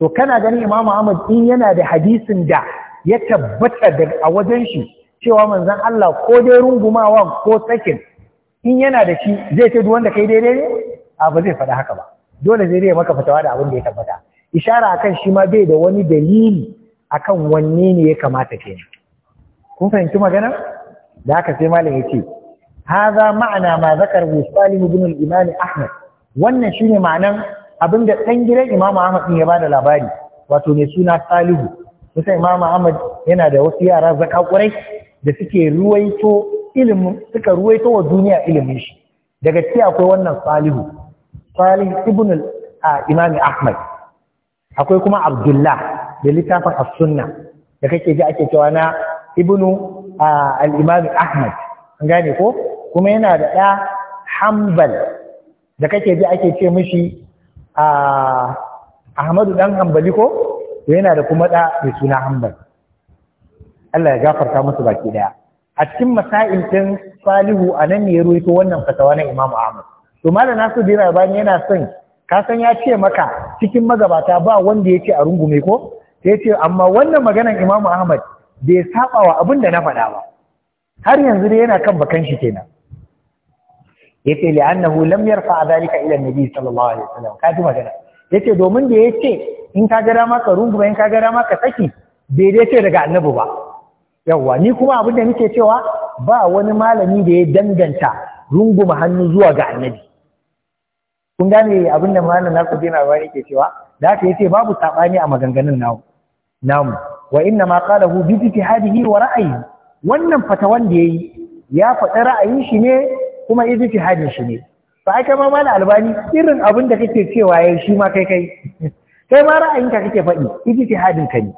to kana ganin imamu ahmad in yana da hadisin da ya tabbata a wajen shi cewa manzon Allah ko dai rungumawa ko sakin in yana da shi zai ce duk wanda kai daidai ne a ba zai faɗa haka ba dole zai ya maka fitawa da abin da ya tabbata ishara akan shi ma bai da wani dalili akan wanne ne ya kamata ke ne kun fahimci magana da aka sai malam yace hadha ma'ana ma zakar Salim ibn al-Imam Ahmad wannan shine ma'anan abinda ɗan gidan Imam Ahmad ya da labari wato ne suna Salihu kusa Imam Ahmad yana da wasu yara zakakurai da suke ruwaito suka ruwaito wa duniya ilimin shi daga cikin akwai wannan Salihu Salih ibn al-Imam Ahmad akwai kuma abdullah da littafin as-sunna da kake ji ake cewa na ibnu al-imam ahmad an gane ko kuma yana da ɗa hanbal da kake ji ake ce mishi ahmadu dan hanbali ko yana da kuma ɗa mai suna hanbal Allah ya gafarta musu baki daya a cikin masail din salihu anan ne ya ruwaito wannan fatawa na Imam Ahmad to malam dira bani yana son ka san ya ce maka cikin magabata ba wanda ya ce a rungume ko ya ce amma wannan maganan Imam ahmad bai saba wa abin da na faɗa ba har yanzu dai yana kan bakan shi kenan Ya yace li'annahu lam yarfa zalika ila annabi sallallahu alaihi wasallam ka ji magana Ya ce domin da ya ce in ka ga dama rungume in ka ga dama ka bai dai ce daga annabi ba yawwa ni kuma abin da nake cewa ba wani malami da ya danganta runguma hannu zuwa ga annabi kun gane abin da na ku dina ba ke cewa da haka yace babu sabani a maganganun namu namu wa inna ma qalahu bi ijtihadihi wa ra'ayi wannan fatawan da yayi ya faɗi ra'ayin shi ne kuma ijtihadin shi ne ba ai ma malam albani irin abin da kake cewa yayi shi ma kai kai kai ma ra'ayinka kake faɗi ijtihadin ka ne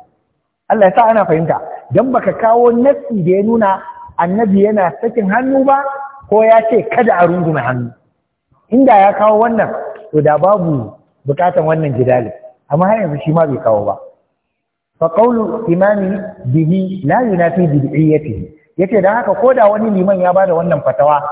Allah ya sa ana fahimta dan baka kawo nasi da ya nuna annabi yana sakin hannu ba ko ya ce kada a rungume hannu inda ya kawo wannan to da babu bukatan wannan jidali amma har yanzu shi ma bai kawo ba fa qawlu imami bihi la yunafi bid'iyatihi yace dan haka ko da wani liman ya bada wannan fatawa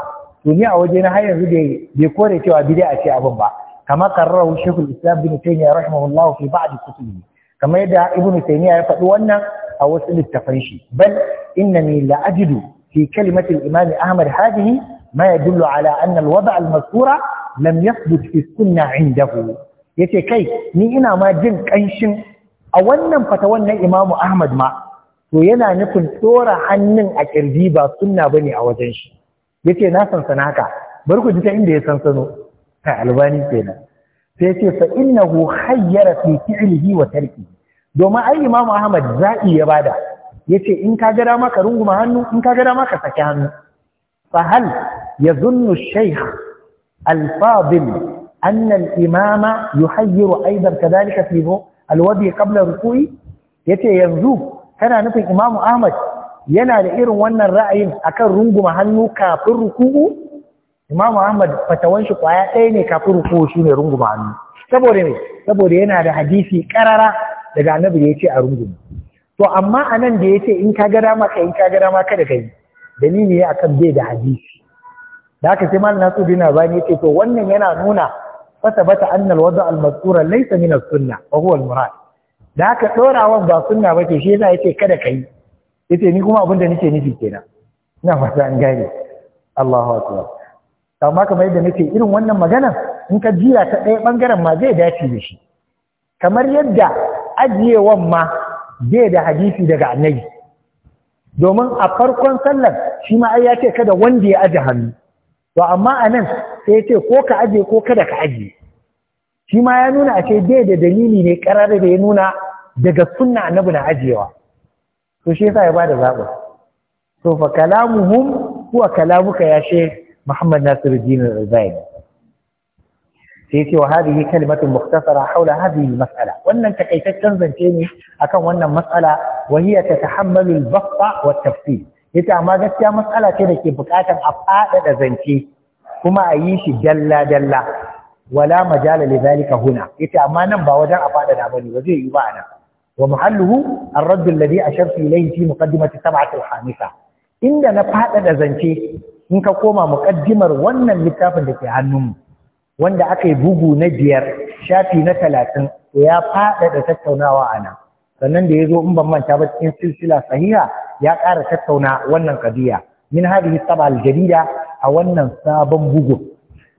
to ni a waje na har yanzu bai bai kore cewa bid'a ce abin ba kama qarrahu shaykhul islam bin taymiyyah rahimahullah fi ba'd kutubihi kama yadda ibnu taymiyyah ya faɗi wannan a wasu littafan shi bal innani la ajidu fi kalimatil imam ahmad hadhihi ما يدل على أن الوضع المذكور لم يثبت في السنة عنده yace kai ni ina ma jin kanshin a wannan fatawan wannan Imam Ahmad ma to yana nufin tsora hannun a kirji ba sunna bane a wajen shi yace na san haka bar ku ji ta inda ya san sano ta albani kenan sai yace fa innahu khayyara fi fi'lihi wa tarkihi domin ai Imam Ahmad za'i ya bada yace in ka ga dama ka runguma hannu in ka ga dama ka saki hannu fa hal يظن الشيخ الفاضل أن الإمام يحير أيضا كذلك في الوضي قبل ركوعه yace yanzu kana nufin Imam Ahmad yana da irin wannan ra'ayin akan runguma hannu kafin ruku'u Imam Ahmad fatawan shi kwaya ɗaya ne kafin ruku'u shine runguma hannu saboda yana da hadisi karara daga Annabi da yace a runguma to amma anan da yace in ka ga dama ka in ka ga dama kada kai dalili ne akan bai da hadisi da haka sai malam ba ne yake to wannan yana nuna bata annal wada al-mazkura laysa min as sunna wa huwa al-murad da haka dorawan ba sunna bace shi yasa yake kada kai yace ni kuma abin da nake nufi kenan ina fata an gane Allahu akbar amma kamar yadda nake irin wannan magana in ka jira ta ɗaya bangaren ma zai dace da shi kamar yadda ajiyewan ma zai da hadisi daga annabi domin a farkon sallar shi ma ai ya ce kada wanda ya aje hannu to amma anan nan sai ce ko ka aje ko kada ka aje shi ma ya nuna a ce dai da dalili ne karara da ya nuna daga sunna annabi na ajewa to shi yasa ya bada zaɓin to fa kalamuhum huwa kalamuka ya she Muhammad Nasiruddin Al-Albani sai ce wa hadhihi kalimatu mukhtasara haula hadhihi mas'ala wannan takaitaccen zance ne akan wannan mas'ala wa hiya tatahammalu al bafa wa tafsir yace amma gaskiya matsala ce da ke buƙatar a faɗaɗa zance kuma a yi shi dalla dalla wala majala li zalika huna yace amma nan ba wajen a faɗaɗa bane ba zai yi ba nan wa muhalluhu ar-radd alladhi ashartu ilayhi fi muqaddimati sab'ati al-khamisa inda na faɗaɗa zance in ka koma muqaddimar wannan littafin da ke hannunmu wanda aka yi bugu na biyar shafi na talatin to ya faɗaɗa tattaunawa a nan sannan da ya zo in ban manta ba cikin silsila sahiha ya ƙara tattauna wannan qadiya min hadihi sab'a aljadida a wannan sabon bugun.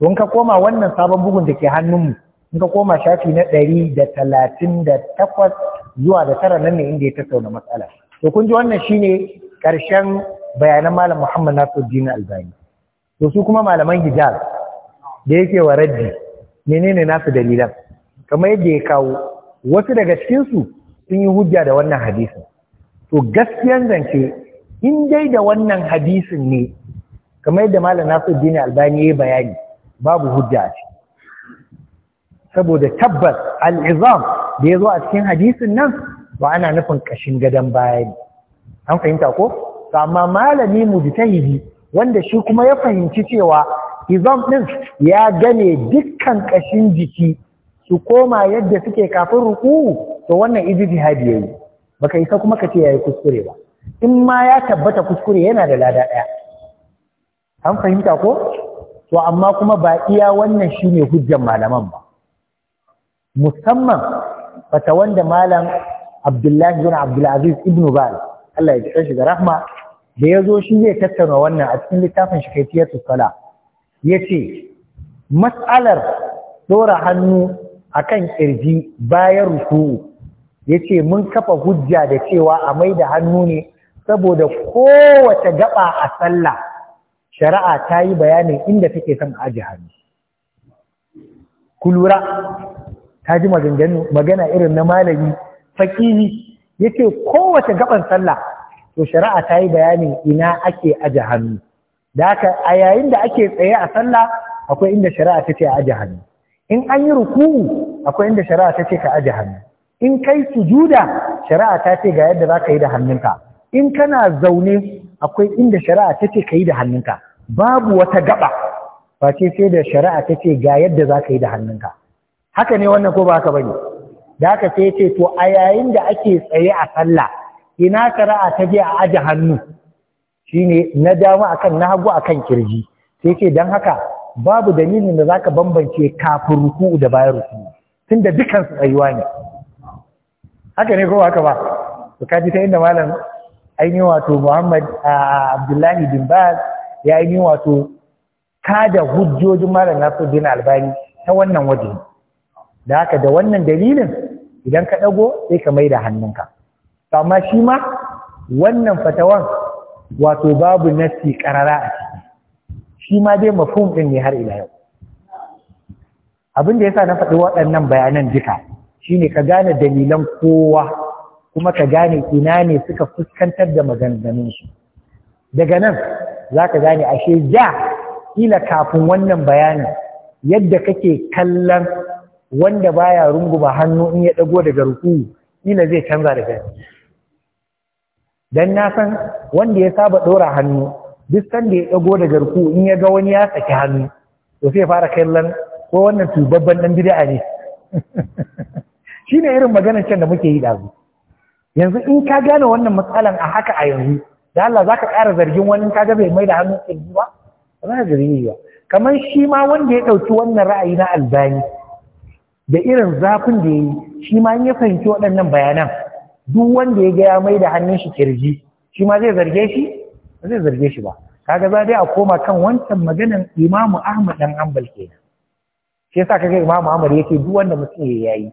To in ka koma wannan sabon bugun da ke mu in ka koma shafi na ɗari da talatin da takwas zuwa da tara nan ne inda ya tattauna matsala to kun ji wannan shine ƙarshen bayanan malam Muhammad Nasiruddin Albani to su kuma malaman hijab da yake wa raddi menene nasu dalilan kamar yadda ya kawo wasu daga cikin su sun yi hujja da wannan hadisin to gaskiyan zance in dai da wannan hadisin ne kamar yadda malam Nasiruddin Albani ya bayani babu hujja a saboda tabbas al'izam da ya zo a cikin hadisin nan ba ana nufin kashin gadon baya ne an fahimta ko amma malami mujtahidi wanda shi kuma ya fahimci cewa izam ɗin ya gane dukkan kashin jiki su koma yadda suke kafin ruku to wannan ijtihadi yayi baka isa kuma ka ce yayi kuskure ba in ma ya tabbata kuskure yana da lada ɗaya an fahimta ko to amma kuma ba iya wannan shine hujjan malaman ba musamman fata wanda malam Abdullahi bin Abdulaziz ibn Baz Allah ya ji shi da rahma da ya zo shi zai tattauna wannan a cikin littafin shi tiyatu sala ce matsalar dora hannu akan kirji bayan ruku'u ya ce mun kafa hujja da cewa a mai da hannu ne saboda kowace gaba a sallah shari'a ta yi bayanin inda take son aji hannu Kulura ta ji magana irin na malami fakili ya ce kowace gaban sallah to shari'a ta yi bayanin ina ake aji hannu da haka a yayin da ake tsaye a sallah akwai inda shari'a ta ce a aji hannu in an yi ruku'u akwai inda shari'a ta ce ka aji hannu in kai sujuda shari'a ta ce ga yadda za ka yi da hannunka in kana zaune akwai inda shari'a ta ce ka yi da hannunka babu wata gaba ce sai da shari'a ta ce ga yadda za ka yi da hannunka haka ne wannan ko ba haka bane da haka sai ce to a yayin da ake tsaye a sallah ina shari'a ta je a aje hannu shine na dama akan na hagu akan kirji sai ce dan haka babu dalilin da zaka bambance kafin ruku'u da bayan ruku'u tunda dukansu tsayuwa ne haka ne ko haka ba to kaji ta inda malam ainihin wato Muhammad Abdullahi bin Baz ya ainihin wato kada hujjojin malam Nasiruddin Albani ta wannan waje da haka da wannan dalilin idan ka ɗago sai ka mai da hannunka to amma shi ma wannan fatawan wato babu nasi karara a ciki shi ma dai mafhum din ne har ila yau abin da yasa na faɗi waɗannan bayanan duka shine ka gane dalilan kowa kuma ka gane ina ne suka fuskantar da maganganunsu daga nan za ka gane ashe ja kila kafin wannan bayanin yadda kake kallon wanda baya runguma hannu in ya dago daga ruku kila zai canza da gani. dan na san wanda ya saba dora hannu duk sanda ya dago daga ruku in ya ga wani ya saki hannu to sai fara kallon ko wannan tubabban dan bid'a ne shi ne irin maganar can da muke yi ɗazu yanzu in ka gane wannan matsalan a haka a yanzu da Allah za ka ƙara zargin wani ka ga bai mai da hannun tsirgi ba ba za ka zargi ba kamar shi ma wanda ya ɗauki wannan ra'ayi na albani da irin zafin da ya yi shi ma ya fahimci waɗannan bayanan duk wanda ya ga ya mai da hannun shi kirji shi ma zai zarge shi ba zai zarge shi ba kaga za dai a koma kan wancan maganan imamu ahmad dan hanbal kenan shi yasa kaga imamu ahmad yake duk wanda mutum ya yi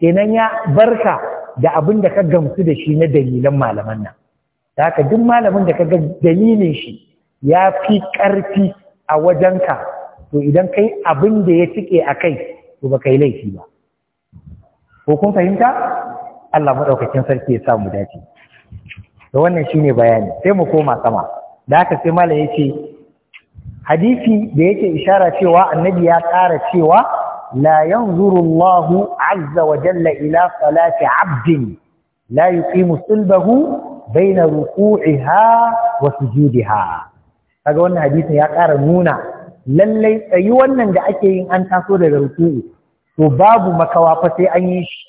kenan ya barka da abin da ka gamsu da shi na dalilan malaman nan da haka duk malamin da ka ga dalilin shi ya fi ƙarfi a wajen ka, to idan kai abin da ya cike a kai to ba kai laifi ba ko kun fahimta Allah maɗaukakin sarki ya sa mu dace da wannan shine bayani sai mu koma sama da haka sai malam ya ce hadisi da yake ishara cewa annabi ya ƙara cewa لا ينظر الله عز وجل إلى صلاة عبد لا يقيم صلبه بين ركوعها وسجودها kaga wannan hadisin ya ƙara nuna lallai tsayi wannan da ake yin an taso daga ruku'u to babu makawa fa sai an yi shi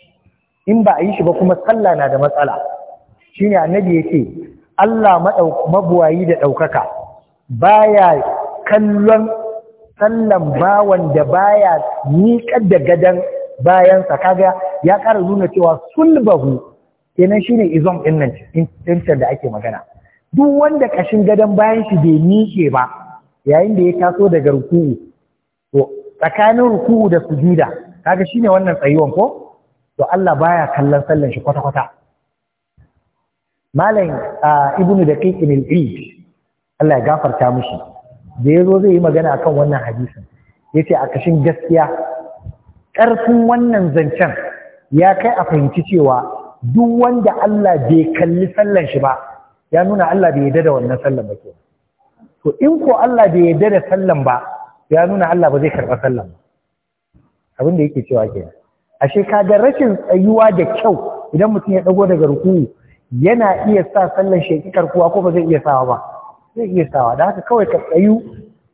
in ba a yi shi ba kuma sallah na da matsala shine annabi yace Allah mabuwayi da ɗaukaka baya kallon sallan bawan da baya miƙar da gadan bayansa kaga ya ƙara nuna cewa sulbahu kenan shine izom din nan da ake magana duk wanda ƙashin gadan bayan shi bai miƙe ba yayin da ya taso daga ruku'u to tsakanin ruku'u da sujuda kaga shine wannan tsayuwan ko to Allah baya kallon sallan shi kwata kwata malam ah, ibnu daqiq al Allah ya gafarta mishi da ya zo zai yi magana akan wannan hadisin ya ce a kashin gaskiya ƙarfin wannan zancen ya kai a fahimci cewa duk wanda Allah bai kalli sallan shi ba ya nuna Allah bai yarda da wannan sallan ba ke to in ko Allah bai yarda da sallan ba ya nuna Allah ba zai karɓa sallan ba abin da yake cewa kenan ashe ga rashin tsayuwa da kyau idan mutum ya dago daga ruku'u yana iya sa sallan shekikar kuwa ko ba zai iya sawa ba zai iya sawa da haka kawai ka tsayu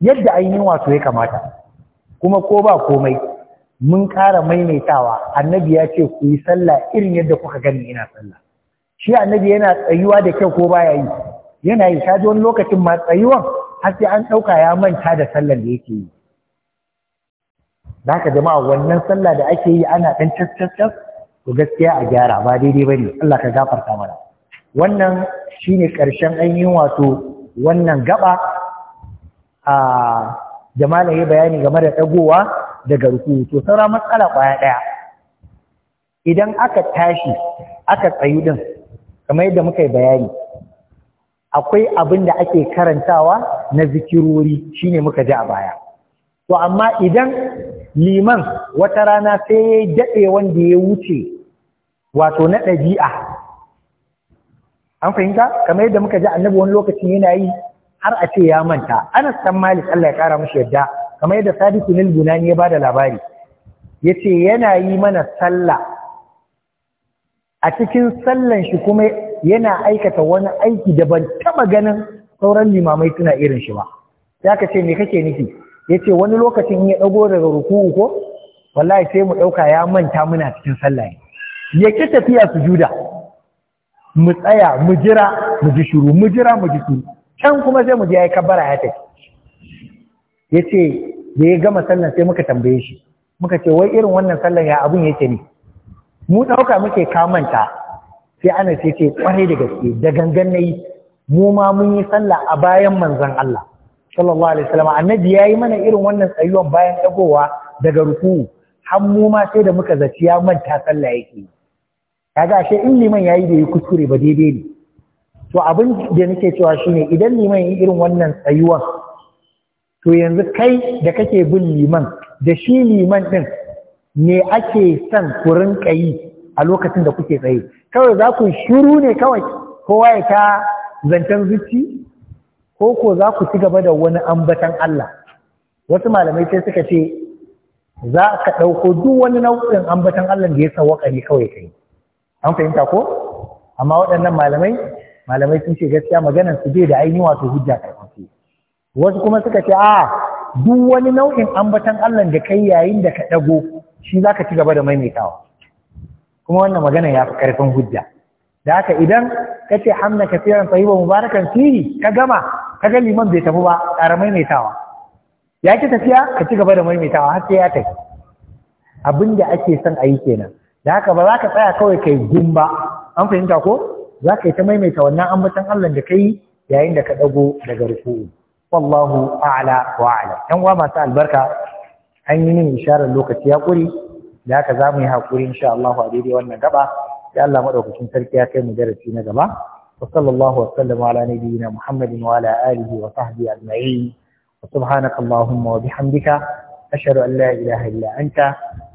yadda ainihin wato ya kamata kuma ko ba komai mun ƙara maimaitawa annabi ya ce ku yi sallah irin yadda kuka gani ina sallah shi annabi yana tsayuwa da kyau ko baya yi yana yi ta wani lokacin ma tsayuwan har sai an ɗauka ya manta da sallar da yake yi da haka jama'a wannan sallah da ake yi ana ɗan cas to gaskiya a gyara ba daidai ba ne Allah ka gafarta mana wannan shine ƙarshen ainihin wato wannan gaba a jama'a yi bayani game da dagowa daga ruku to saura matsala kwaya daya idan aka tashi aka tsayu din kamar yadda muka yi bayani akwai abin da ake karantawa na zikirori shine muka ji a baya to amma idan liman wata rana sai ya daɗe wanda ya wuce wato na ɗabi'a an fahimta kamar yadda muka ji annabi wani lokacin yana yi har a ce ya manta anas san malik Allah ya kara mishi yadda kamar yadda sadiku nil bunani ya bada labari yace yana yi mana sallah a cikin sallan shi kuma yana aikata wani aiki da ban taba ganin sauran limamai suna irin shi ba sai aka ce me kake nufi yace wani lokacin ya dago daga ruku'u ko wallahi sai mu dauka ya manta muna cikin sallah ya ki tafiya sujuda mu tsaya mu jira mu ji shiru mu jira mu ji shuru can kuma sai mu je yayi kabbara ya tafi yace da ya gama sallan sai muka tambaye shi muka ce wai irin wannan sallan ya abun yake ne mu dauka muke kamanta sai ana ce ce kwarai da gaske da gangan nayi mu ma mun yi sallah a bayan manzon Allah sallallahu alaihi wasallam annabi yayi mana irin wannan tsayuwan bayan dagowa daga ruku har mu ma sai da muka zaci ya manta sallah yake yi kaga ashe in liman yayi da yi kuskure ba daidai ne to abin da nake cewa shine idan liman yi irin wannan tsayuwan to yanzu kai da kake bin liman da shi liman din ne ake son ku rinka yi a lokacin da kuke tsaye kawai za ku shiru ne kawai kowa ya ta zancen zuci ko ko za ku ci gaba da wani ambatan Allah wasu malamai sai suka ce za ka ɗauko duk wani nau'in ambatan Allah da ya sawaka ne kawai kai an fahimta ko amma waɗannan malamai malamai sun ce gaskiya maganar su bai da ainihin wato hujja karfafe wasu kuma suka ce a duk wani nau'in ambaton Allah da kai yayin da ka dago shi zaka ci gaba da maimaitawa kuma wannan magana ya fi karfin hujja da haka idan ka ce hamna kafiran ba mubarakan fihi ka gama ka ga liman bai tafi ba ƙara maimaitawa ya ki tafiya ka ci gaba da maimaitawa har sai ya tafi abin da ake son a yi kenan da haka ba za ka tsaya kawai kai gumba an fahimta ko za ka yi ta maimaita wannan ambatan Allah da kai yayin da ka dago daga ruku'u wallahu a'la wa a'la yan uwa masu albarka an yi min isharar lokaci hakuri da haka za mu yi hakuri insha Allah a daidai wannan gaba sai Allah madaukakin sarki ya kai mu darasi na gaba wa sallallahu wa sallama ala nabiyyina Muhammadin wa ala alihi wa sahbihi ajma'in wa subhanaka allahumma wa bihamdika ashhadu an la ilaha illa anta